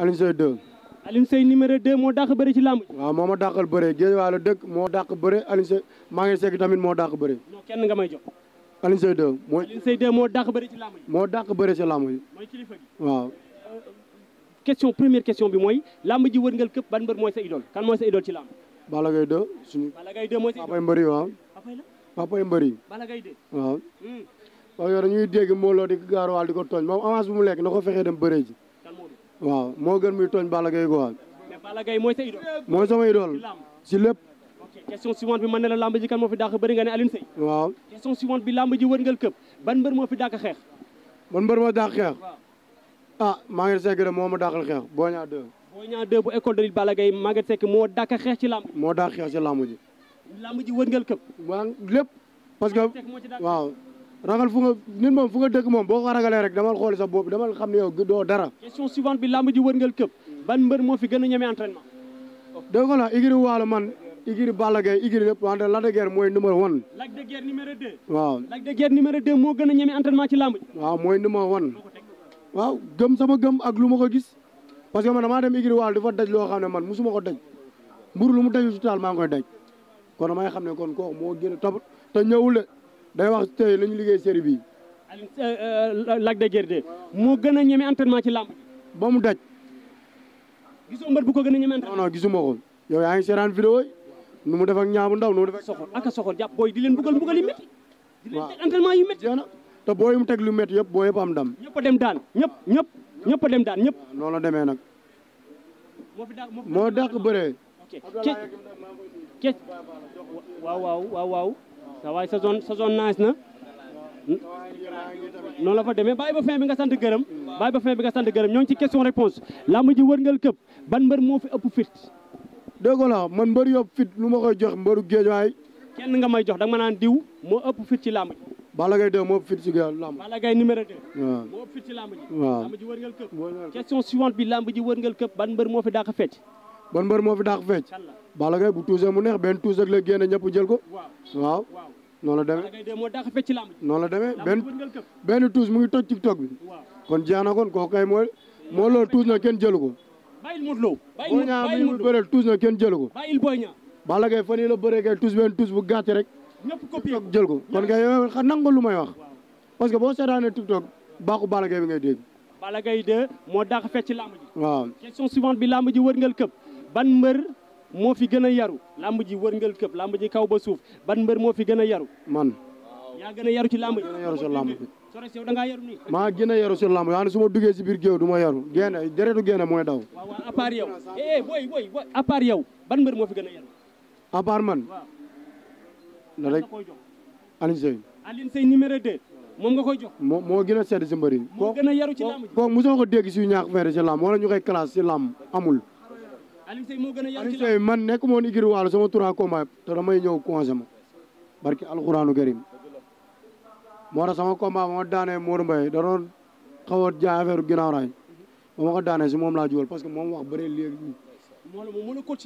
Alioune Seye 2. Alioune Seye numéro 2 moo dàq bëre ci làmb ji. waaw moo ma dàqal bëre géej waa la dëkk moo dàq bëre Alioune Seye maa ngi segg tamit moo dàq bëre. non kenn nga may jox. Alioune Seye 2. mooy moo dàq bëre ci làmb ji. moo dàq bëre ci làmb ji. mooy kilifa gi waaw. Euh, question première question bi mooy làmb ji wërngal këpp ban mbër mooy sa idole kan mooy sa idole ci làmb. Balla Gaye 2 suñu. Balla Gaye 2 mooy sa idole papa mbëri waaw. papa la papa mbëri. Balla Gaye 2 waaw. parce hmm. que dañuy dégg Modou Lô di gaarawaal di ko tooñ moom lekk na ko fexee dem bëree ji waaw moo gën muy tooñ Balla Gaye quoi. mais Balla mooy sa idole. mooy sama idole si lépp. bi man ne la lamb ji kan moo fi dàq bëri nga ne Alioune Seye. waaw bi lamb ji wërngal këpp ban mbër moo fi dàq xeex. ban mbër moo dàq xeex. ah Maguette Seck moo ma dàqal xeex boo ñaa deux. boo ñaa deux bu école de lutte Balla Gaye moo dàq xeex ci lamb. moo dàq xeex ci lamb ji. lamb ji wërngal këpp. waaw lépp parce que waaw. ragal fu nga nit mom fu nga dëkk mom boko ragalé rek damal xol sa bop damal xam ne yow do dara. question suivante bi lamb ji wërngal kep ban mbeur mo fi gëna ñëmé entraînement. do ko la Igri walu man Igri balagay igiri Igri lépp wante de guerre moy numéro one. Lac de guerre numéro 2 waaw Lac de guerre numéro 2 mo gëna ñëmé entraînement ci lamb ji. waaw moy numéro one. waaw gëm sama gëm ak luma ko gis parce que man dama dem Igri walu dafa daj lo xam man musuma ko daj mburu lu mu daj ci tal ma ngoy daj kon damay xam kon ko mo gëna top te ñewul day wax tey la ñu liggéey série bi euh, euh, Lac de Guiers moo gën a ñeme entraînement ci làmb ba mu daj gisoo mbër bu ko gën a ñeme entraînement non non gisuma ko yow yaa ngi seetaan vidéo nu mu def ak ñaabu ndaw nu mu def ak soxor ak soxor jàpp booy di leen bugal bugal yi métti di leen teg entraînement yu métti te booy mu teg lu métti yëpp booy yëpp am dam ñëpp a dem daan ñëpp ñëpp ñëpp dem daan ñëpp noonu la demee nag moo dàq bëree ok waaw waaw sa sa zone sa zone naaj na hmm? noonu la fa demee bàyyi ba fin bi nga sant gërëm bàyyi ba fin bi nga sant gërëm ñoo ngi ci question réponse lamb ji wërngal këpp ban mbër moo fi ëpp fit déggo la man mbër yëpp fit lu ma jox mbëru géejawaay kenn nga may jox da ma naan diw moo ëpp fit ci làmb ji Balla Gaye 2 moo ëpp fit ci lamb Balla Gaye lamb ji waaw lamb ji wërngal këpp question bi lamb ji wërngal këpp ban mbër moo fi dàq fecc ban mbër moo fi dàq fecc Balla Gaye bu tuusee mu neex benn tuus ak la génne ñëpp jël ko waaw noonu la demee noonu la demee benn benn tuus mu ngi toj tiktok bi kon jeex na kon kooku kay mooy moo loolu tuus na kenn jëlu ko. boo ñaa mi mu bëreel tuus na kenn ko. Balla Gaye fan la bëree kay tuus benn tuus bu gàtt rek. tiktok jël ko kon kay yow xam nangu lu may wax. parce que boo seetaanee tiktok baaxu Balla Gaye bi ngay dégg. Balla Gaye 2 moo dàq fecc ci làmb ji. waaw question suivante bi làmb ji wërngal këpp ban mbër. mo fi gëna yaru lamb ji ngeul këpp lamb ji kaw ba suuf ban mbër mo fi gëna yaru man ya gëna yaru ci lamb ji gëna yaru ci lamb ji sore yow da nga yaru ni ma gëna yaru ci lamb yaani suma duggé ci bir géew duma yaru gëna deretu gëna moy daw wa waaw yow eh boy boy boy à yow ban mbër mo fi gëna yaru apart man na rek Alioune Seye Alioune Seye numéro 2 mom nga koy jox mo gëna gën ci mbër yi ko gëna yaru ci lamb ji kooku mosoo ko dégg ci ñaax feere ci lamb wala ñu classe ci lamb amul Alioune Seye moo gën a Alioune Seye man nekk moon igiri waalo sama trois combat te damay ñëw congé ma barki alxuraanu karim moo tax sama combat ba ma daanee Modou Mbaye da doon xaw a jaay affaire ginnaaw raay ba ma ko daanee si moom laa jugal parce que moom wax bëree léegi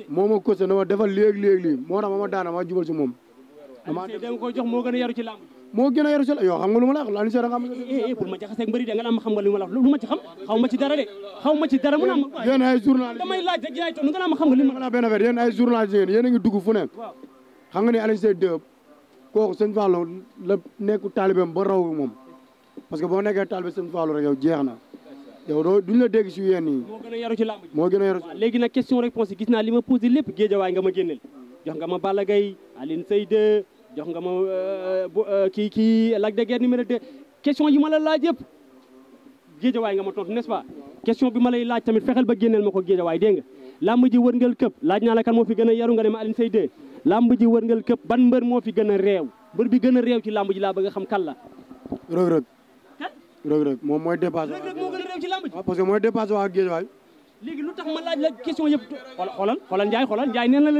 moo ma coaché na ma defal léegi léegi lii moo tax ma ma daane ma jubal si moom dama ko jox moo gën a yaru ci làmb moo gën a yaru si la yow xam nga lu ma la wax Alioune Seye xam nga. Eh, eh, bu ma jaxasee mbëri de nga naan ma xam nga lu ma la lu ma ci xam xaw ma ci dara de xaw ma ci dara mu naan ma. yéen ay journaliste damay laaj rek yaay toll nga naan ma xam nga li ma la benn affaire yéen ay journaliste yéen yéen a ngi dugg fu ne xam nga ne Alioune Seye 2 kooku sëñ Fallou la nekku taalibeem ba raw moom parce que boo nekkee taalibe sëñ Fallou rek yow jeex na yow doo duñ la dégg si yéen yi. moo gën a yaru ci làmb moo gën a léegi nag question réponse yi naa li ma posé lépp géejawaay nga ma génneel jox nga ma Balla Gaye Alioune Seye 2 jox nga ma euh, euh, kii kii Lac de Guiers numéro de question ji ma la laaj yëpp géejawaay nga ma tontu nest question bi ma lay laaj tamit fexeel ba génneel ma ko géejawaay dégg nga làmb ji wërngal këpp laaj naa la kan moo fi gën a yaru nga ne ma Alioune Seye 2 làmb ji wërngal këpp ban mbër moo fi gën a réew mbër bi gën a réew ci làmb ji laa bëgg a xam kan la rëg-rëg moom mooy dépassé rëg-rëg moo gën a réew ci làmb ji ah, parce mooy dépassé waa géejawaay léegi lu tax ma laaj la question yëpp xoolal xoolal Ndiaye xoolal Ndiaye nee na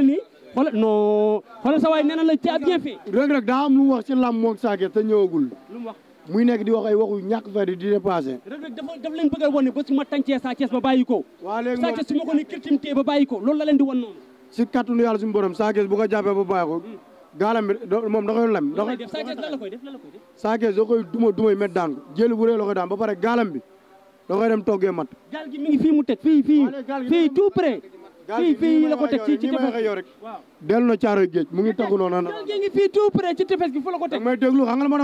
xool non xoolal sa waay nee na la ci bien fait. Reug Reug daa am lu mu wax ci làmb moog Sa Thiès te ñëwagul. lu mu wax muy nekk di wax ay waxu ñàkk fayda di dépassé. Reug Reug dafa dafa leen bëgg a wan ne ba su ma ba bàyyi ko. waa léegi Sa ko ne kirtimtee ba bàyyi ko loolu la leen di wan noonu. si kattanu yàlla suñu borom Sa Thiès bu ko jàppee ba bàyyi ko. Hmm. gaalam bi moom da koy lem. da koy def Sa Thiès lan la koy def lan la koy def. Sa Thiès da koy duma dumay ba pare gaalam bi da koy dem toggee mat. gi mi ngi fii mu teg fii fii fii tout fii fii la ko teg ci ci tefes dellu géej mu ngi tagu noonu nag ngi fii tout près ci tefes gi fu la ko teg may déglu xam nga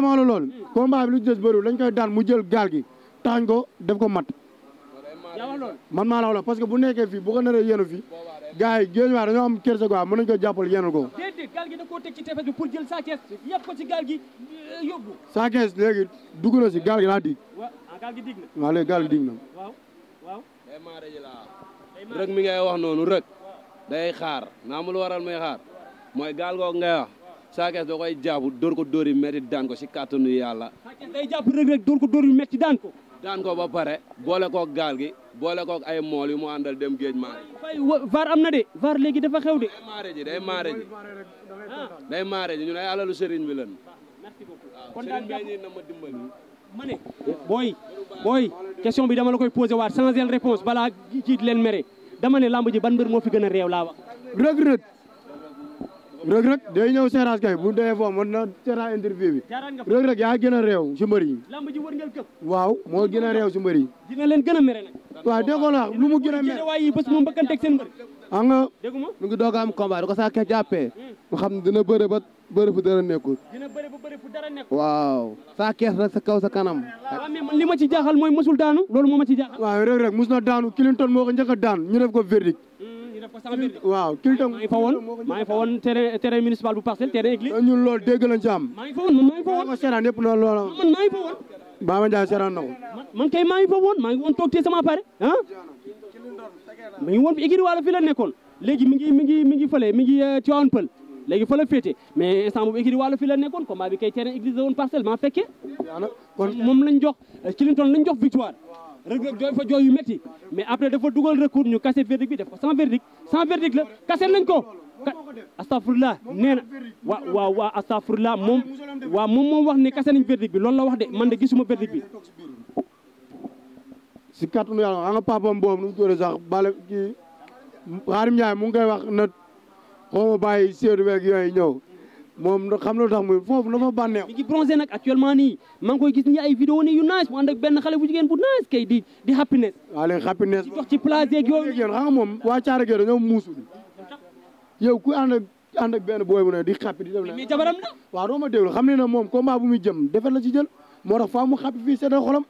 ma bi lu des bëriwul dañ koy daan mu jël gaal gi taañ ko def ko mat man maa la wax parce que bu nekkee fii bu ko naree yéenu fii gars yi géej waa dañoo am kersa quoi mën nañu ko jàppal yéenu ko déedéet gaal gi da koo teg jël saa kees yëpp ko ci gaal euh, saa kees léegi dugg si gaal gi naa dig ah, waaw léegi gaal gi dig na waaw rek mi ngay wax noonu rek day xaar naa mu lu waral may xaar mooy gaal googu ngay wax Sa Thiès koy jàpp dóor ko dóor yi metti daan ko si kàttanu yàlla. Sa Thiès day jàpp rek rek dóor ko dóor yu metti daan ko. daan ko ba pare boole koog gaal gi boole koog ay mool yu mu àndal dem géej maare. vaar am na de vaar léegi dafa xew de. day maare ji day maare ji day maare ji ñun ay alalu sëriñ bi lan. kon daal na ma dimbali. ma booy booy question bi dama la koy posé waat sans réponse balaa jiit dama ne lamb ji ban mbër moo fi gën a réew laa wax. rëg-rëg rëg-rëg ñëw Seras kay bu dee foofu mën na Seras interview bi rëg-rëg yaa gën a réew si mbër yi. lamb ji wër ngeen këpp. waaw moo gën a réew si mbër yi. dina leen gën a mere nag. waaw dégg lu mu gën a mere waaye yi bés moom bëkkanteeg seen mbër. Ah nga mu ngi doog a ko saa kee hmm. mu xam dina bëre ba bëri fu dara nekkul. dina bëri bu waaw saa kees sa kaw sa kanam. li ma ci jaaxal mooy mosul daanu loolu moo ma ci jaaxal. waaw rek mus na daanu Clinton moo ko njëkk a daanu ñu def ko verdict. Hmm, waaw Clinton. fa woon maa ngi fa woon terrain terrain municipal bu parcelle terrain église. ñun loolu dégg lañ man kay maa ngi fa woon maa ngi woon toog tee sama pare ah. mi woon fi écurie fi la nekkoon léegi mi ngi mi ngi mi ngi fële mi ngi eh, léegi fa la féete mais instant boobu écurie wàllu fi la nekkoon combat bi kay terrain église la woon parcelle maa fekkee moom lañ jox Clinton lañ jox victoire rëg rëg jooy fa jooy yu métti mais après dafa dugal recours ñu casser verdict bi def ko sans verdict sans verdict la casser nañ ko astafurlah nee na waa waa waa astafurlah moom waaw moom moom wax ni casser nañ verdict bi loolu la wax de man de gisuma verdict bi si kàttanu yàlla xam nga papam boobu nu mu tuddee sax bale kii moo ma bàyyi seetu beeg yooyu ñëw moom xam lu tax muy foofu dafa bànneex. mi ngi bronzé nag actuellement nii maa ngi koy gis nii ay vidéo nii yu nice mu ànd benn xale bu jigéen bu nice kay di di happiness. waaw léegi happiness di dox ci plage yeeg yooyu. xam nga moom waa Caare Gueye dañoo muusu. yow ku ànd ak ànd benn booy bu ne di xàppi di dem na. mais jabaram la. waaw doo ma déglu xam ne ne moom combat bu muy jëm defet la ci jël moo tax faa mu xàppi fii seen xolam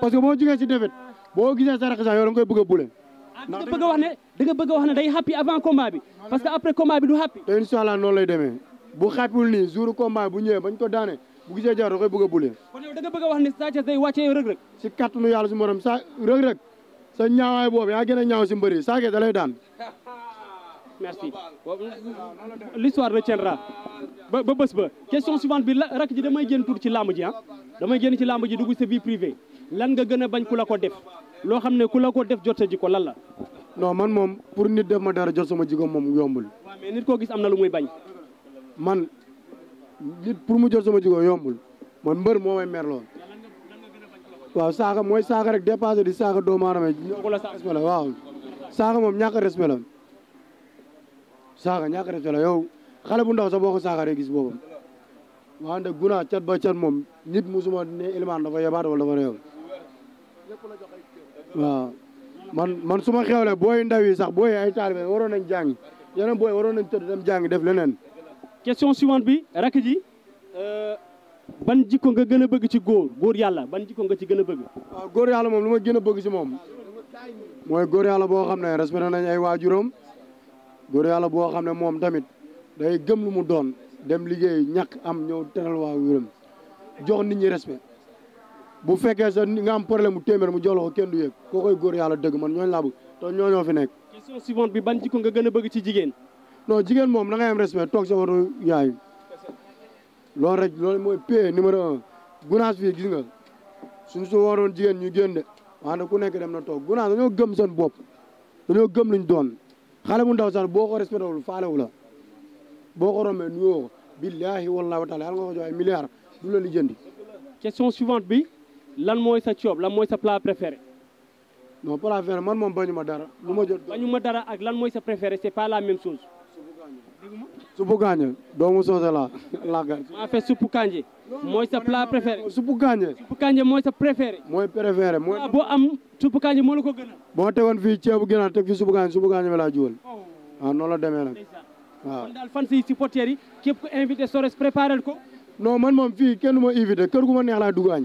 parce que boo jugee si defet boo gisee sa rakk sax yow da nga bëgg a bule da nga bëgg a wax ne da nga bëgg a wax ne day happy avant combat bi parce que après combat bi du happy. te incha allah non lay demee bu xàppiwul nii jour combat bu ñëwee bañ ko daane bu gisee jaar da koy bëgg a bulee. kon yow da nga bëgg a wax ne Sa Thiès day wàccee rëg-rëg. si kattanu yàlla si morom sa rëg-rëg sa ñaawaay boobu yaa gën ñaaw si mbëri Sa Thiès da daan. merci l'histoire retiendra ba ba bés ba question suivante bi la rak ji damay génn tur ci làmb ji ah damay génn ci làmb ji dugg sa vie privée lan nga gën bañ ku la ko def. loo xam ne ku la ko def jot sa jikko lan la. non man moom pour nit def ma dara jot sama jikko moom yombul. nit koo gis am na lu muy bañ. man nit pour mu jot sama jikko yombul man mbër moo may mer waaw saaka mooy saaka rek dépassé di saaga doomu aadama respect la waaw saaga moom ñàkk respect la saaga ñàkk respect la yow xale bu ndox sax boo ko saaga rek gis boobam waaw ndax gunaa cat ba cat moom nit musuma ne Elimane dafa yebaat wala dafa réew waaw man man su ma xewlee booy ndaw yi sax booy ay taalibe waroon nañ jàng yeneen booy waroon nañ tëdd dem jàng def leneen. question suivante bi rakk ji euh, ban jikko nga gën a bëgg ci góor góor yàlla ban jikko nga ci gën a bëgg. góor yàlla moom lu ma gën a bëgg ci moom mooy góor yàlla boo xam ne respecté nañ ay waajuram góor yàlla boo xam ne moom tamit day gëm lu mu doon dem liggéey ñàkk am ñëw teral waajuram jox nit ñi respect. bu fekke sa nga am problème mu téeméer mu jollo kenn du yëg ko koy gor yalla deug man ñooñu laa bëgg te ñooñoo fi nek question suivante bi ban jikko nga gëna bëgg ci jigen non jigen mom da nga am respect tok sa watu yaay lo rek lo moy P numéro 1 gounas fi gis nga suñu su waron jigen ñu gënde de ku nek dem na tok gounas dañu gëm seen bop dañu gëm luñ doon xalé mu ndaw sax boko ko respecté wul faale wu la boo ko rombee billahi wallahu taala nga ko jox ay milliards du la li jëndi. question suivante bi. lan moy sa coob lan moy sa plat préféré. non plat préféré man mom bañuma dara. luma jot bañuma dara ak lan moy sa préféré c'est pas la même chose. suppu kanje doomu soose la laaka. maa fekk suppu kanje moy sa plat préféré. suppu kanje. suppu kanje moy sa préféré. moy préféré mooy. boo am suppu kanje moo la ko gënal. boo tegoon fi ceebu ginaar teg fi suppu kanje suppu kanje mi laa juwal waaw oh. ah, noonu la demee nag waaw. kon daal fan ci supporter yi képp ko invité Soores préparé ko. non man mom fi kenn du invité kër guma neex la du añ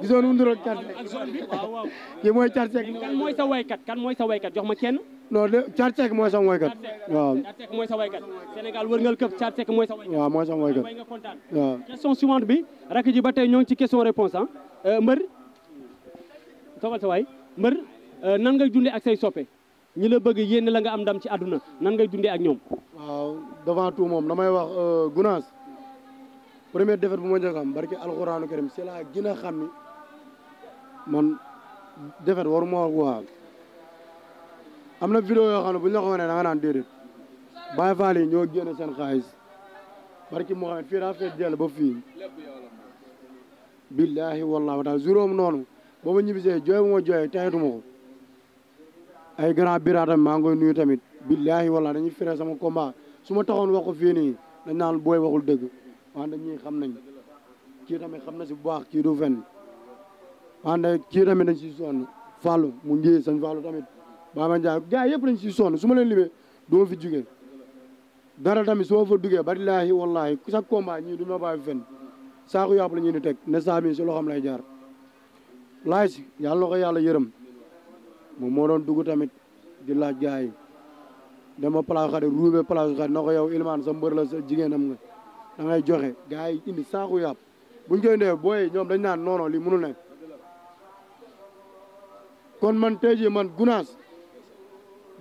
gisoon mu nduroog Thiat Seck kii mooy Thiat Seck kan mooy sa waykat kan mooy sa waykat jox ma kenn non de Thiat mooy sa waykat waaw mooy sa waykat Sénégal wërngal këpp Thiat Seck mooy sa waykat waaw mooy sa waykat waaw question suivante bi rakk ji ba tey ñoo ci question réponse ah euh, mbër toogal waay mbër euh, nan ngay dundee ak say soppe ñi la bëgg yéen la nga am ndam ci àdduna nan dundee ak ñoom waaw devant tout moom damay wax euh, Gounass première défaite bu ma njëkk am barki alxuraanu karim si laa a xam ni man défaite waru ma wax waa am na vidéo yoo xam yi ñoo génne seen xaalis barki Mouhamed fii daa fee jël ba fii billaahi wallaahi noonu ba ma ñibbisee jooy bu ma jooy taxituma ko ay grand biraatam maa ngi koy tamit billaahi wallaahi dañuy firee sama combat su ma taxoon wax ko fii nii dañ booy waxul dëgg ànd ak ñii xam nañ kii tamit xam na si bu baax kii du fenn ànd kii tamit dañ si sonn Fallou mu ngi sañ Fallou tamit Baba Ndiaye gars yëpp dañ si sonn su ma leen limee du fi jugee dara tamit soo fa duggee billaahi wallaahi sa combat ñii du ma bàyyi fenn saako yàpp la ñuy di teg ne saa mi si loxoom lay jaar laaj si yàlla na ko yàlla yërëm moom moo doon dugg tamit di laaj gars yi dama place xarit ruube place xarit na ko yow Ilmaan sa mbër la sa jigéenam nga da joxe gars yi indi saaku yàpp bu buñ koy ndee booy ñoom dañ naan noono lii mënu nekk kon man tey jii man gunaas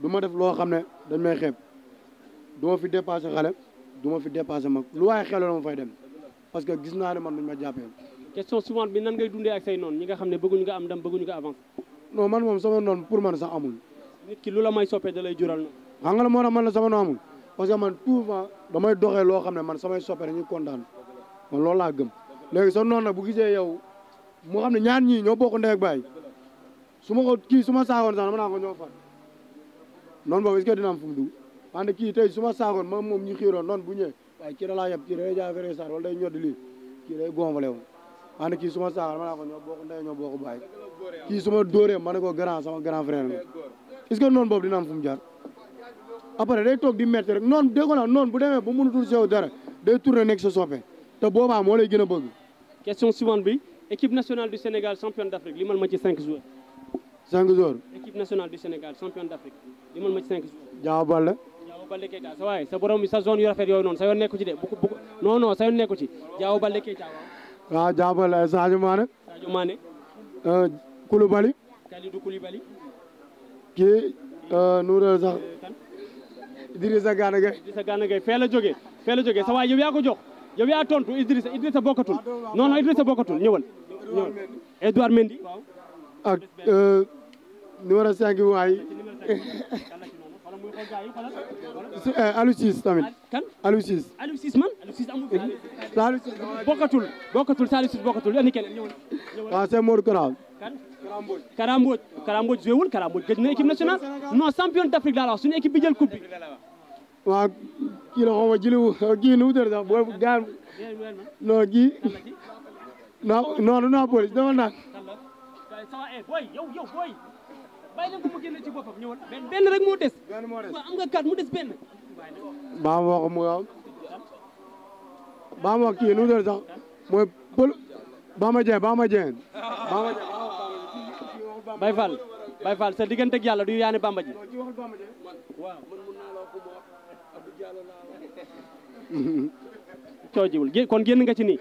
du ma def loo xam ne dañ may xeeb du ma fi dépassé xale du ma fi dépassé mag lu waaye xeloo ma fay dem parce que gis naa ne man duñ ma jàppee question suivante bi nan ngay dundee ak say noon ñi nga xam ne bëgguñu nga am ndam bëgguñu nga avancé non man moom sama noon pour man sax amul nit ki lu la may soppee da lay jural noonu xam nga la moo tax man sama noonu parce que man tout temps damay doxee loo xam ne man samay soppe dañuy kontaan man loolu laa gëm léegi sa noonu na bu gisee yow mu xam ne ñaan ñii ñoo bokk ndey ak baay su ma ko kii su ma saagoon sax dama naa ko ñoo far noonu boobu est dina am fu mu dugg kii te su ma saagoon moom moom ñi xiiroon noon bu ñëwee waaye kii da laa yab kii day jaafere saar wala day ñoddi lii kii day gonflé woon wante kii su ma saagoon dama naa ko ñoo bokk ndey ñoo bokk baay kii su ma dóoree ma ne ko grand sama grand noonu boobu dina am après day tok di métti rek noonu non bu noonu bu demee tour ci yow dara day tourné nek ci soppe te boba mo lay gëna bëgg. question suivante bi équipe nationale du Sénégal championne d'Afrique limal ma ci 5 joueurs. 5 joueurs. équipe nationale du Sénégal championne d'Afrique limal ma ci 5 joueurs. Diao Baldé. Diao Baldé Keita sa waay sa borom sa zone yu rafet yoy non sa yone nekku ci dé bu non non sa yone nekku ci Diao ké ta waaw. waaw Diao Baldé Sadio Mané. Sadio Mané. euh Koulibaly. Kalidou Koulibaly. ki euh nu sax. Idrissa Gana Gueye Idrissa Gana Gueye fee la joge fee la jógee sa waay yow yaa ko jox yow yaa tontu Idrissa Idrissa bokkatul non non Idrissa bokkatul ñëwal ñëwal Edouard Mendy ak euh, numéro 5 waay euh, Aliou Cissé tamit kan Aliou Cissé Aliou Cissé man bokkatul bokkatul Saliou Cissé bokkatul ani keneen ñëwal waaw c'est Kara Mbodj Kara Mbodj joué wul Kara Mbodj gëj na équipe nationale non champion d'Afrique laa la wax suñu équipe bi jël coupe bi. waaw kii la xaw ma jëliwu kii nu mu tëdd sax boobu gaan non kii non non non non police dama naan. benn rek moo des. waaw am nga quatre mu des benn. baa ma wax mu am baa ma wax kii nu mu tëdd sax mooy pël. Bama Dieng Bama Dieng. Bama Dieng. Baye Fall Baye Fall sa digganteeg yàlla du yaani Bamba ji. waaw. coo jiwul kon génn nga ci nii.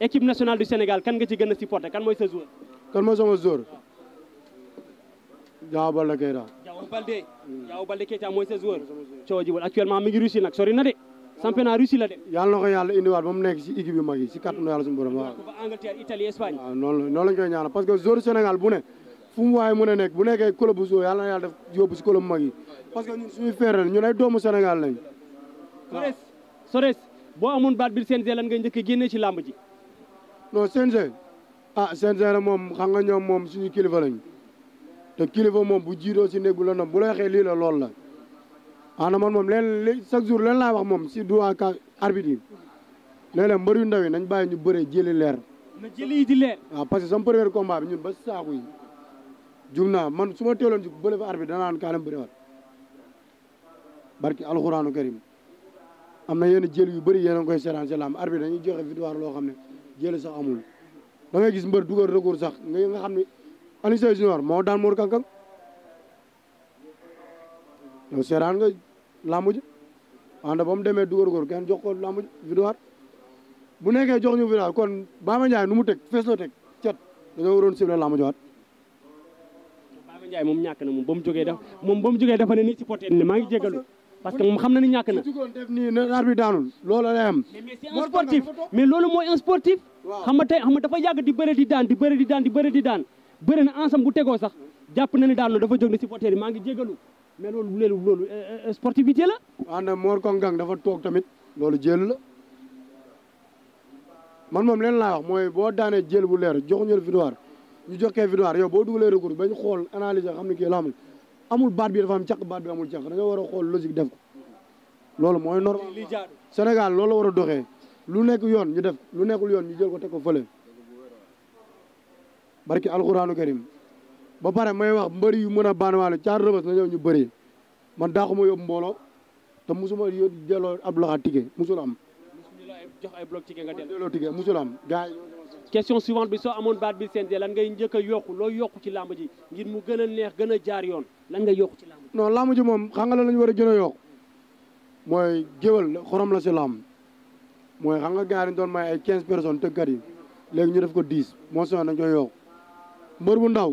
équipe nationale du Sénégal kan nga ci gën a supporté kan mooy sa joueur. kan mooy sama joueur. Diao Baldé Keita. Diao Baldé. Diao Baldé Keita mooy sa joueur. coo jiwul actuellement mi ngi Russie nag sori na de. championnat Russie la dem. yàlla na ko indiwaat ba mu nekk si équipe yu mag yi si kàttanu yàlla suñu waaw. Angleterre Italie Espagne. waaw noonu la parce que joueur Sénégal bu ne fu mu waaye nekk bu nekkee club bu soo yàlla na yàlla def yóbbu si club mag parce que ñun suñuy feere ñun ay doomu Sénégal lañ. Sores Sores boo amoon baat biir CNG lan nga njëkk a génnee ci làmb ji. non CNG ah CNG moom xam nga ñoom moom suñu kilifa lañ te kilifa moom bu jiitoo si néeg bu bu la waxee lii loolu la ana man moom leen chaque jour leen laa wax moom si doyen ka arbitre yi léeg-léeg mbër yu ndaw yi nañ bàyyi ñu bëree jëli leer. na jëli yi di leer. waaw parce que sama premier combat bi ñun ba saako yi jum naa man suma ma teeloon ci bële fa arbitre danaan kaa leen bëriwaat barki alxuraanu karim am na yenn jël yu bëri yéen a ngi koy seetaan si lamb arbitre dañuy joxe victoire loo xam ne jël sax amul da ngay gis mbër dugal recours sax nga nga xam ne Alioune Sèye Junior moo daan Mor Kankang yow seeraan nga làmb ji wante ba mu demee du góorgóor kenn jox ko làmb ji victoire bu nekkee jox ñu victoire kon Baba Ndiaye nu mu teg fees na waroon sible làmb ji waat Baba Ndiaye moom na moom ba mu jógee def moom ba mu jógee dafa maa ngi jégalu parce que moom xam na ni ñàkk na jugoon def nii ne loolu mais c'est un sportif mais loolu mooy un sportif xam nga tey dafa yàgg di bëre di daan di bëre di daan di bëre di daan bëre na ensemble bu tegoo sax jàpp na ni daanul dafa jóg ne ci poteen maa ngi jégalu mais loolu léelu loolu euh, euh, euh, sportivité la waaw ah, na Mor Kang dafa toog tamit loolu jël la man moom leen laa wax mooy boo daanee jël bu leer joxuñu la victoire ñu jox ke victoire yow boo dugalee ba ñu xool analyser xam ne kii la amul baat bi dafa am càq baat bi amul càq da nga war a xool logique def ko loolu mooy normal Sénégal loolu war a doxee lu nekk yoon ñu def lu nekkul yoon ñu jël ko teg ko fële barki alxuraanu karim ba pare may wax mbër yu mën a baanwaale caar rëbës na ñu bëri man daaxuma yóbbu mbooloo te musuma yób delloo ab loxo ticket musul am. jox ay bloc ticket nga delloo ticket musul am gars yi question suivante bi soo amoon baat bi seen lan ngay njëkk yokk loo yokk ci làmb ji ngir mu gën a neex gën a jaar yoon lan ngay yokk ci làmb ji. non làmb ji moom xam nga lan la ñu war a gën a yokku mooy géwal xorom la si làmb mooy xam nga gars yi doon may ay quinze personnes tëggat yi léegi ñu def ko dix moo sonné nañ koy yokku mbër bu ndaw.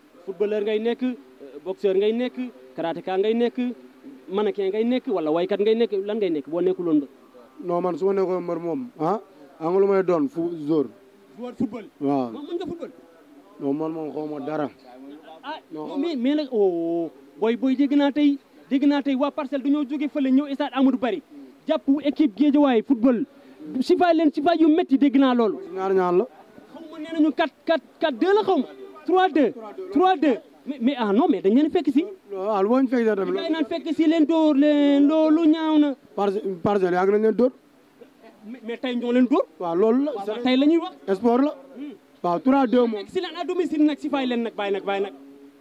footballeur ngay nekk euh, boxeur ngay nekk karatéka ngay nekk mannequin ngay nekk wala waykat ngay nekk lan ngay nekk boo nekkuloon ba. non man su ma moom ah am lu may doon fu jour. joueur football. waaw moom mën nga moom ma dara. ah mais mais nag oh booy booy dégg naa tey dégg naa tey waa parcelle dañoo jóge fële ñëw stade Amadou Barry jàpp équipe Guédiawaye football. sifaay leen sifaay yu métti dégg naa loolu. ñaar ñaar la. xaw ma nee nañu 4 4 4 2 3-2 3-2 mais ah non mais dañ leen fekk si. waaw ah, lu ma fekk si tamit. naan fekk si leen dóor leen loolu ñaaw na. parce que parce que yàgg nañ leen door mais tay ñoo leen door waaw loolu tay lañuy wax. sport la. Hmm. waaw 3-2 moom. si leen domicile nag si fay leen nag bàyyi nag bàyyi nag.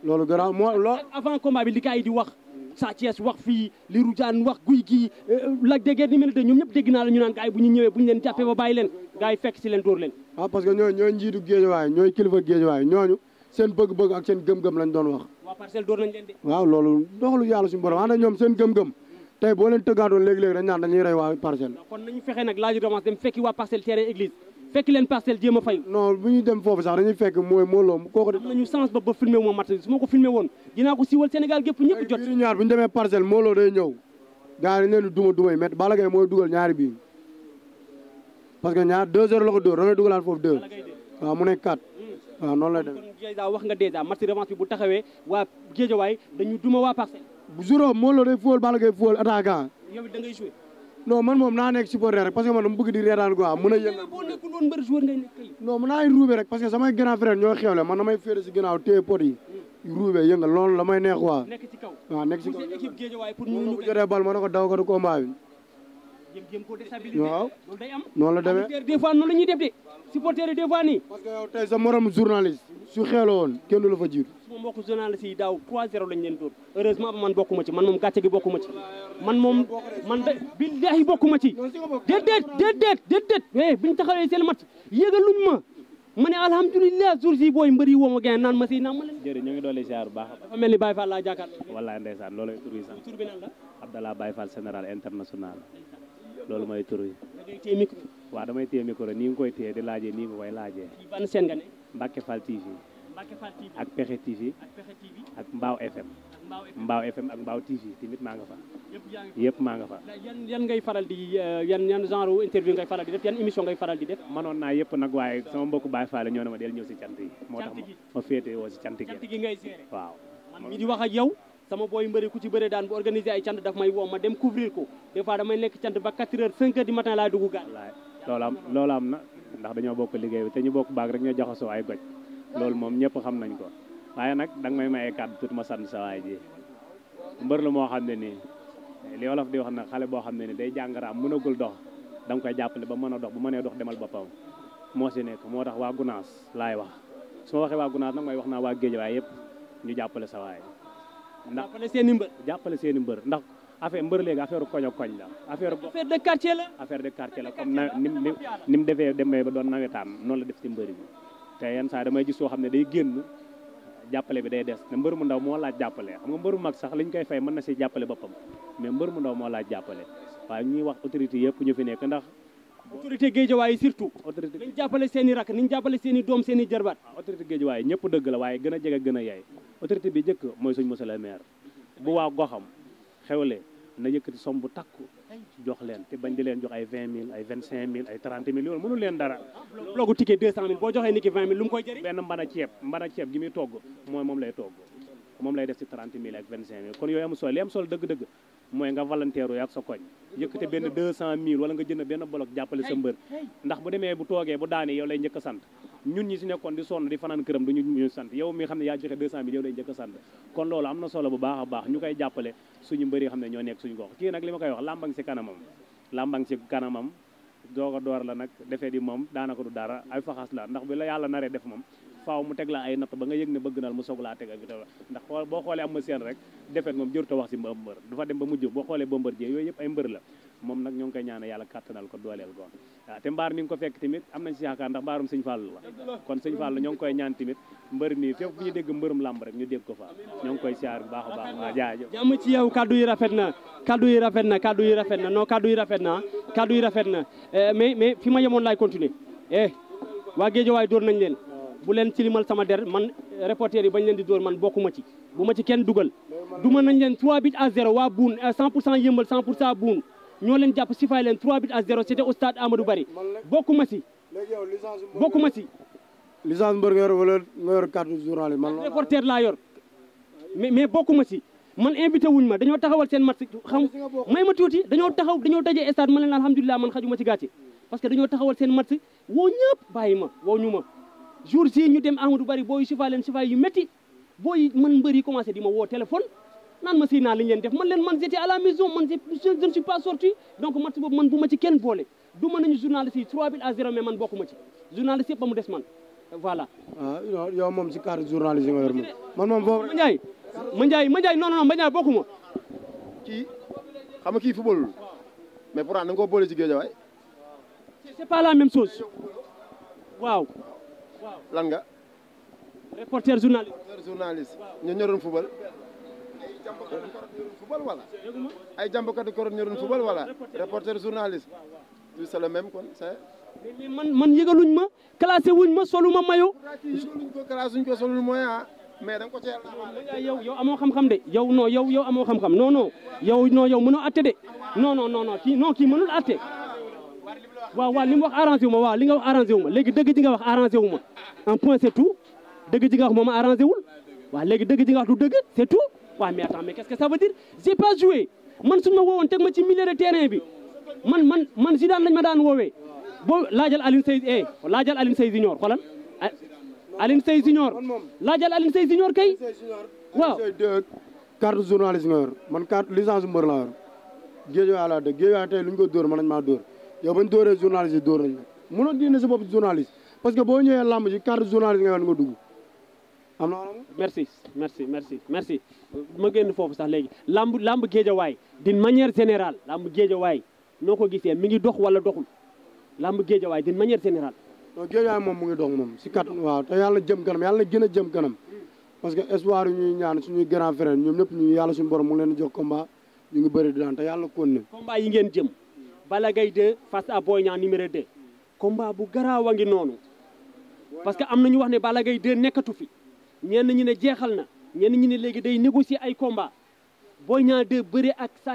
loolu garaaw moo loolu. avant combat bi li gars di wax. Sa Thiès wax fi li Diane wax guuy gii eh, eh, Lac de ni mel 2 ñoom ñep dégg na la ñu naan gaay bu ñu ñëwee bu ñu leen jàppee ba bay leen gaay fekk ci leen door leen. ah parce que ñooñu ñooy njiitu géej waaye ñooy kilifa géej waaye ñooñu seen bëgg-bëgg ak seen gëm-gëm lañ doon wax. waa parcelle door nañ leen de. waaw loolu doxalu yàlla suñu borom ànd ñoom seen gëm-gëm tey boo leen tëggaatoon léegi-léegi dañ naan dañuy rey waa parcelle. fekki waa parcelle terrain église fekki leen parcelle jéem a fayu. non bu ñuy dem foofu sax dañuy fekk mooy mooloo kooku. am nañu chance ba ba filmé wu ma su ma ko filmé woon dinaa ko siiwal Sénégal gépp ñëpp jot. biir ñaar bu ñu demee parcelle mooloo day ñëw gars yi dañ duma duma yi met Balla mooy dugal waaw noonu la demee dèjà wax nga dèjà match revanche bu taxawee waa Géejawaay dañu duma waa Parcelles. juróom moo la day fóol Balla Gaye fóol attaquant. yow da ngay man moom naa nekk supporter rek parce man dama bëgg di reetaan quoi mën a man damay féete si hmm. la may supporter de Vani fois nii. parce que yow tey sa morom journaliste su xeeloo woon kenn du la fa jiir. su ma mbokk journaliste yi daaw 3-0 lañ leen dóor heureusement man bokkuma ci man moom gàcce gi bokkuma ci man moom man de billahi bokkuma ci. déedéet déedéet déedéet mais eh, biñ taxawee seen mat yëgaluñ ma ma ne jour si booy mbëri woo ma gain naan ma si naan ma leen. ñu ngi dolli ziar bu baax. dafa melni Baye Fall la jakkat wallahi ndaysan lolay tur yi sax. bi nan la. Abdallah Baye Fall général international lolou mooy tur yi. waaw damay téye micro nii nga koy téye di laajee nii nga koy laajee. ban seen nga ne. Mbacke Fall TV. ak Pexe TV. ak Pexe TV ak Mbaaw FM. Mbaaw FM ak Mbaaw TV tamit maa nga fa. yëpp maa nga fa. yan yan ngay faral di euh, yan yan genre interview ngay faral di def yan émission ngay faral di def. manoon naa yëpp nag waaye sama mbokku Baye Fall ñoo ne ma del ñëw si cant yi. moo tax ma féete woo si cant gi. cant gi ngay géré waaw. man di wax ak sama booy mbëri ku ci bëre daan bu organiser ay cant may woo ma dem couvrir nekk cant ba 4 heures 5 heures du matin loolu am loolu am na ndax dañoo bokk liggéey bi te ñu bokk baag rek ñoo jaxasoo sawaay goj loolu moom ñëpp xam nañ ko waaye nag danga may maye kàddu tuuti ma sant sa waay ji mbër la moo xam ne nii li wolof di wax na xale boo xam ne ni day jàngaraam mënagul dox da koy jàppale ba mën a dox bu mënee dox demal boppam moo si nekk moo tax waa gunaas laay wax su ma waxee waa gunaas nag mooy wax naa waa géej waaye yëpp ñu jàppale sa waay ndax jàppale seen i mbër jàppale affaire mbër léegi affaire koño koñ la affaire de quartier la affaire de quartier la comme nim mu defee demee ba doon nawetaan noonu la def ci mbëri bi te yenn saa damay gis xam ne day génn jàppale bi day des mbër mu ndaw moo laaj jàppale xam nga mbër mag sax li ñu koy fay mën na si jàppale boppam mais mbër mu ndaw moo laaj jàppale waaye ñuy wax autorité yëpp ñu fi nekk ndax autorité géejawaay surtout autorité dañ jàppale seen i rakk niñ jàppale seen i doom seen i jarbaat ah, autorité géejawaay ñëpp dëgg la waaye gën a jege gën a yaay autorité bi njëkk mooy suñ monsieur le maire bu waa goxam xewle na yëkkati somme bu takku jox leen te bañ di leen jox ay vingt mille ay vingt cinq mille ay trente mille yooyu mënul leen dara. loogu ticket deux cent mille boo joxee nit ki vingt mille lu mu koy jëriñ. benn mbana ceeb mbana ceeb gi muy togg mooy moom lay togg moom lay def ci trente mille ak vingt cinq mille kon yooyu am solo li am solo dëgg-dëgg mooy nga volontaire yaag sa koñ te benn deux cent mille wala nga jënd benn bloc jàppale sa mbër ndax bu demee bu toogee bu daanee yow lay njëkk sant ñun ñi si nekkoon di sonn di fanaan këram du ñu ñu sant yow mi xam ne yaa joxe deux cent mille yow lay njëkk a sant kon loolu am na solo bu baax a baax ñu koy jàppale suñu mbër yi xam ne ñoo nekk suñu ko kii nag li ma koy wax làmbang si kanamam làmbang si kanamam doog a door la nag defee di moom daanaka du dara ay faxas la ndax bi la yàlla naree def moom faaw mu teg la ay nopp ba nga yëg ne bëgg naal mu soog laa teg ak victoire ndax xool boo xoolee am ma rek defet moom jur ta wax si mba mbër du fa dem ba mujj boo xoolee je yooyu yëpp ay mbër la moom nag ñoo ngi koy ñaane yàlla kàttanal ko dooleel ko waaw te mbaar ni nga ko fekk tamit am nañ si yaakaar ndax mbaarum sëñ Fallu la kon sëñ Fallu ñoo ngi koy ñaan tamit mbër ni fépp bu ñu dégg mbërum lamb rek ñu dégg ko fa ñoo ngi koy siyaar bu baax a baax waa jaajëf jàmm ci yow kaddu yi rafet na kaddu yi rafet na kaddu yi rafet na non kaddu yi rafet na kaddu yi rafet na eh, mais mais fi ma yemoon laay continuer eh waa Géejawaay dóor nañ leen bu leen tilimal sama der man eh, reporter yi bañ leen di dóor man bokk ci bu ma kenn dugal duma nañ leen 3 bits à 0 waa buun 100 eh, pour cent yëmbal 100 pour cent buun ñoo leen jàpp si fay leen 3 bits à 0 c'était au stade Amadou Barry bokkuma si bokkuma si licence mbër nga yor wala nga yor carte journal yi man reporter mais mais bokkuma si man invité wuñ ma dañoo taxawal seen match xam may ma tuuti dañoo taxaw dañoo dajee stade ma leen alhamdulilah man xajuma ci gàcce parce que dañoo taxawal seen match woo ñëpp bàyyi ma woo ñu ma jour ji ñu dem Amadou Bari booy sifa leen sifa yu métti booy man mbër yi di ma woo téléphone nan ma si naa li leen def man leen man j'étais à la maison man je ne suis pas sorti donc match boobu man bu ma ci kenn boole du ma nañu journaliste yi 3 000 à 0 mais man bokku ma ci journaliste yëpp ba des man voilà. ah moom si carte journaliste nga yor moom man moom foofu. Mandiaye Mandiaye Mandiaye non non Mandiaye bokku ma. kii xam nga kii footballul mais pourtant da nga koo boole ci géejawaay. c'est pas la même chose waaw. lan nga. reporter journaliste. reporter journaliste ñu ñoroon football. ay jàmbakatu koroon ñoroon football wala. ay jàmbakatu koroon ñoroon football kon c'est. man man ma classé wuñ ma solu ma mayo. yëgaluñ ko classé ko solu mooy ah. mais da nga ko teel a. yow yow amoo xam-xam de yow non yow yow amoo xam-xam non non yow non yow mënoo atte de non non non kii mënul atte. waaw waaw li mu wax arrangé wu ma waaw li nga wax arrangé wu ma léegi dëgg ji nga wax arrangé wu ma point c'est tout dëgg ji nga wax moom arrangé wul waaw léegi dëgg ji nga wax du dëgg c'est tout waaw mais attends mais qu'est-ce que pas joué man suñu ma woowoon ci milieu de bi man man man si daan lañ ma daan woowee boo laajal Alioune Seye eh laajal Alioune Seye junior xoolal Alioune Seye junior laajal Alioune Seye junior kay waaw carte journaliste nga yor man carte licence mbër laa yor géej waa laa dëgg géej waa tey lu ñu ko dóor man nañ maa dóor yow bañ dóoree journaliste yi dóor nañ la mënoo diine sa bopp journaliste parce que boo ñëwee làmb ji carte journaliste nga yoon nga dugg am na merci merci merci merci ma génn foofu sax léegi làmb làmb géejawaay d'une manière générale làmb géejawaay noo ko gisee mi ngi dox wala doxul làmb géejawaay d'une manière générale non géejawaay moom mu ngi dox moom si kat waaw yàlla jëm kanam yàlla gën a jëm kanam parce que espoir yu ñuy ñaan suñuy grand frère ñoom ñëpp ñu yàlla suñu borom mu leen jox combat ñu ngi bëri di daan te yàlla kon ne yi ngeen jëm bala gay 2 fas à Boy Niang numéro 2 combat bu garaaw a ngi noonu parce que am na ñu wax ne bala gay 2 nekkatu fi ñenn ñi ne jeexal na ñenn ñi ne léegi day négocier ay combat Boy Niang 2 bëri ak Sa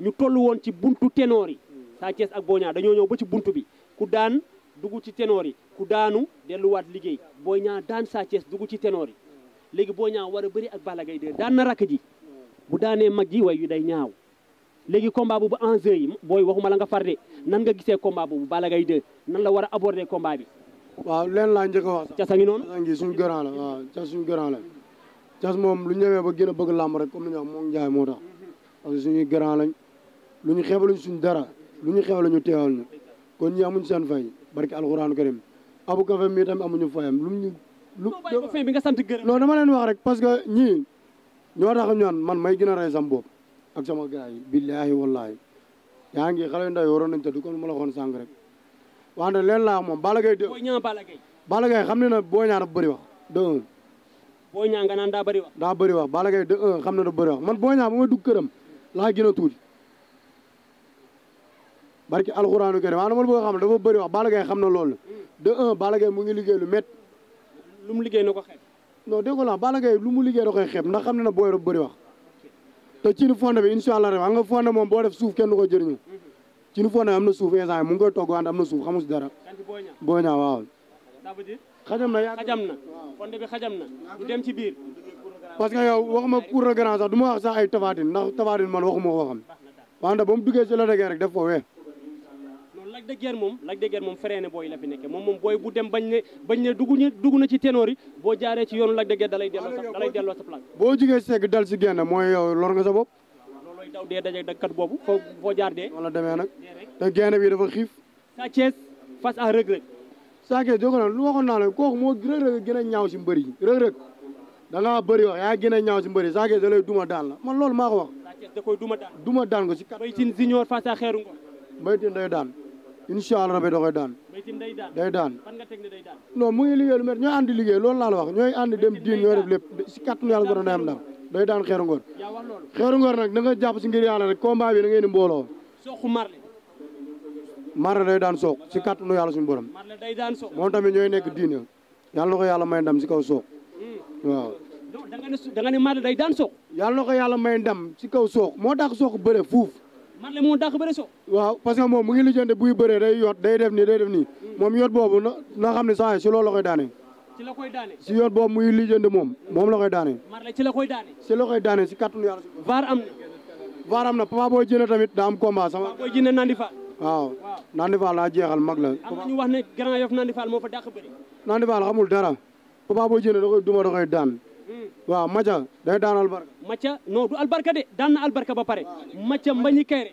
ñu toll woon ci bunt ténor yi Sa ak Boy Niang dañoo ñëw ba ci buntu bi ku daan dugg ci ténor yi ku daanu delluwaat liggéey Boy Niang daan Sa dugg ci ténor yi léegi Boy Niang war bëri ak bala gay 2 daan na rakk ji bu daanee mag ji way yu day ñaaw léegi combat boobu enjeu yi booy waxuma la nga far de nan nga gisee combat bu bala Gaye 2 nan la war a aborder kombaa bi. waaw leen laa njëkk wax sax. Cas a ngi noonu suñ a la waaw Cas suñu grand la. Cas moom lu ñu ñëwee ba gën a bëgg làmb rek kom ni ñu wax moom Ndiaye moo tax parce que suñuy lañ lu ñu xeebaluñ suñ dara lu ñu xeebal ñu teewal kon ñi amuñ seen fay barke alxuraan karim abu kafe mii tamit amuñu fayam lu ñu. lu bi nga sant gërëm. non dama leen wax rek parce que ñii ñoo tax ñaan man may gën a rey sam bopp ak sama gars yi billaahi wallaahi yaa ngi xale ndaw waroon nañ te du comme ma la waxoon sànq rek wante leen laa moom Balla Gaye de Balla Gaye xam ne da bëri wax de un xam ne da bëri man boo ñaa ba may dugg këram laa gën a tuuti barki alxuraanu kër maanaam ne dafa bëri wax xam na loolu de un lu métti lu mu liggéey ko xeeb non lu mu liggéey da koy xeeb ndax xam ne na booy da bëri wax te cin fonde bi incha allah xam nga fonde moom boo def suuf kenn du ko jëriñu cin fonde am na suuf instant yi mu ngi koy togg wante am na suuf xamu si dara boo ñaaw waaw xajam na xajam na bi xajam na parce que yow waxuma pour le grand sax du ma wax sax ay tafaatin ndax tafaatin man waxuma ko waxam wante ba duggee si la dëgg rek def ko wee Lac de Guiers moom Lac de moom freiné booy la fi nekkee moom moom booy bu dem bañ ne dugg ñu dugg na ci ténor yi boo jaaree ci yoonu Lac de Guiers dalay delloo sa dalay delloo sa place boo jugee segg dal si génn mooy yow lor nga bopp looloy daw dee dakkat boobu foo foo jaar wala demee nag te génn dafa xiif Sa Thiès face à Reug Reug Sa Thiès jogo na lu waxoon naa la kooku moo Reug Reug gën a ñaaw si mbëri yi Reug Reug da ngaa bëri wax yaa gën a ñaaw si mbëri Sa da lay daan la man loolu maa ko wax da koy duma daan duma daan ko si kat Mbaye Tine junior a à Xeeru Ngor Mbaye Tine day daan inshallah rabbi dogay koy daan. day daan non muy ngi mer lu andi ñooy lool la la wax ñoy andi dem diin ñoy def lepp ci kàttanu yalla ngor a am ndam day daan xéru ngor xéru ngor nak da nga japp ci ngir yalla rek combat bi da ngay ni soxu marle day daan sook si kàttanu yalla suñu borom moom tamit ñooy nekk diine yàlla na ko yàlla may ndam ci kaw sook hmm. waaw da nga ni marle day daan sook yalla nako yalla may ndam ci kaw sook mo tax sook beure fuuf man la moo dàq bëre so waaw parce que moom mu ngi lijjante buy bëree day yot day def nii day def nii moom yot boobu na na xam ne saa si loolu la koy daane ci la koy daane si yot boobu muy lijjante moom moom la koy daane Marley ci la koy daane si la koy si kàttanu yàlla vaar am na vaar am na papa booy tamit daa am combat sama papa booy jënd Nandi Fall waaw Nandi Fall jeexal mag la am na ñu wax ne Grand Yoff Nandi Fall moo fa dàq xamul dara papa booy jënd da koy duma da koy daan waaw macha day daan albarka. macha non du albarka de daan na albarka ba pare. Mathia Mbagnick kere,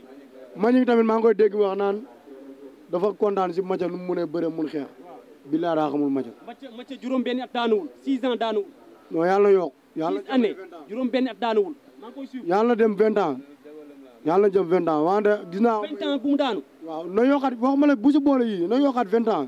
Mbagnick tamit ma ngoy deg wax nan dafa kontaan si Mathia nu mune beure mun xex billahi daa xamul Mathia. Mathia jurom ben at daanul 6 ans daanul non yalla yokk. yalla six jurom ben at daanul ma ngoy koy yalla dem 20 ans. yalla jëm 20 ans wa gis gisna 20 ans bu mu daanu. waaw na yokkaat waxuma la bu si boole yii na yokkaat 20 ans.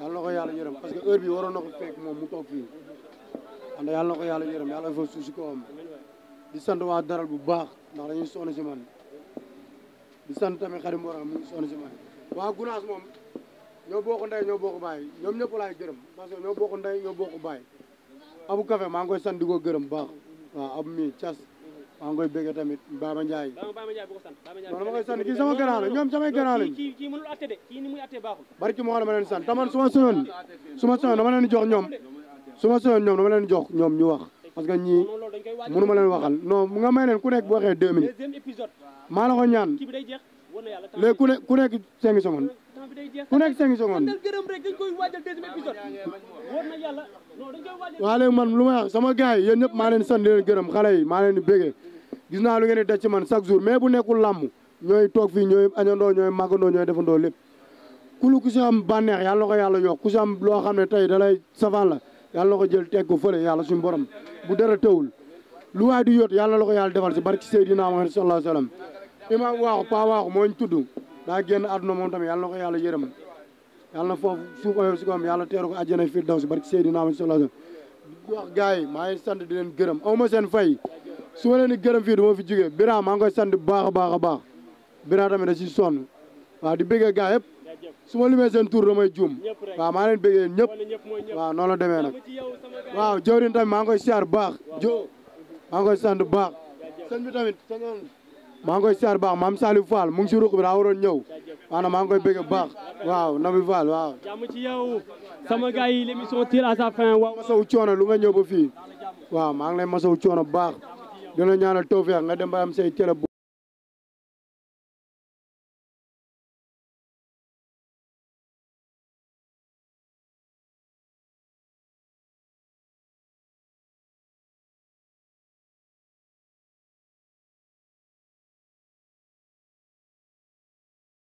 yàlla na ko yàlla yërëm parce que heure bi waroon na ko fekk moom mu toog fii anda yàlla na ko yàlla yërëm yàlla fa suuf si kawam di sant waa daral bu baax ndax dañuy sonn si man di sant tamit xarit Mbora mu ngi sonn si man waa Gunaas moom ñoo bokk ndey ñoo bokk baay ñoom ñëpp laay gërëm parce que ñoo bokk ndey ñoo bokk baay abu café maa ngi koy sant di ko gërëm baax waaw abu mi cas maa ngi koy bëgg tamit Baba Ndiaye. Baba Ndiaye bu ko sant Baba Ndiaye man ma koy sant kii sama grand la ñoom samay grand lañ. kii kii mënul atte de kii ni muy atte baaxul. bari ci moo dama leen sant taman su ma sonoon su ma sonoon dama leen jox ñoom su ma sonoon ñoom dama leen jox ñoom ñu wax parce que ñii mënu ma leen waxal non nga may leen ku nekk boo waxee deux minutes maa la ko ñaan léegi ku ne ku nekk cinq secondes ku nekk cinq secondes. waaw léegi man lu may wax sama gars yi yéen maa leen sant gërëm xale yi maa leen di bégee gis naa lu ngeen di daj ci man chaque jour mais bu nekkul làmb ñooy toog fii ñooy añandoo ñooy màggandoo ñooy defandoo lépp kulu ku si am bànneex yàlla na ko yàlla yokk ku si am loo xam ne tey dalay savant la yàlla na ko jël teg ko fële yàlla suñu borom bu dara tëwul lu waay di yóot yàlla na ko yàlla defal si barki ci Muhammad sallallahu alayhi wa sallam imaam waaxu pa waaxu mooñ tudd daa génn àdduna yàlla na yàlla yërëm yàlla na foofu suuf oyof si ko am yàlla teeru ko àjjana fii daw si barki Seydina Muhammad sallallahu alayhi wasallam wax gars yi maa ngi sant di leen gërëm aw ma seen fay su ma leen di gërëm fii du ma fi jógee Bira maa ngi koy sant baax a baax a baax Bira tamit da si sonn waaw di bëggee gars yëpp su ma limee seen tur juum waaw maa leen bëggee ñëpp waaw noonu demee nag waaw jawrin tamit maa ngi koy siyaar baax jo maa ngi koy sant baax maa ngi koy siyaar baax maam Saliou Fall mu ngi si ruq bi daa waroon ñëw maanaam maa ngi koy bëgg baax waaw Nabi Fall waaw. jàmm ci yow sama gars yi l'émission tire à sa fin waaw. masawu coono lu nga ñëw ba fii waaw maa ngi lay masawu coono baax dina ñaanal tawfeex nga dem ba am say cërëb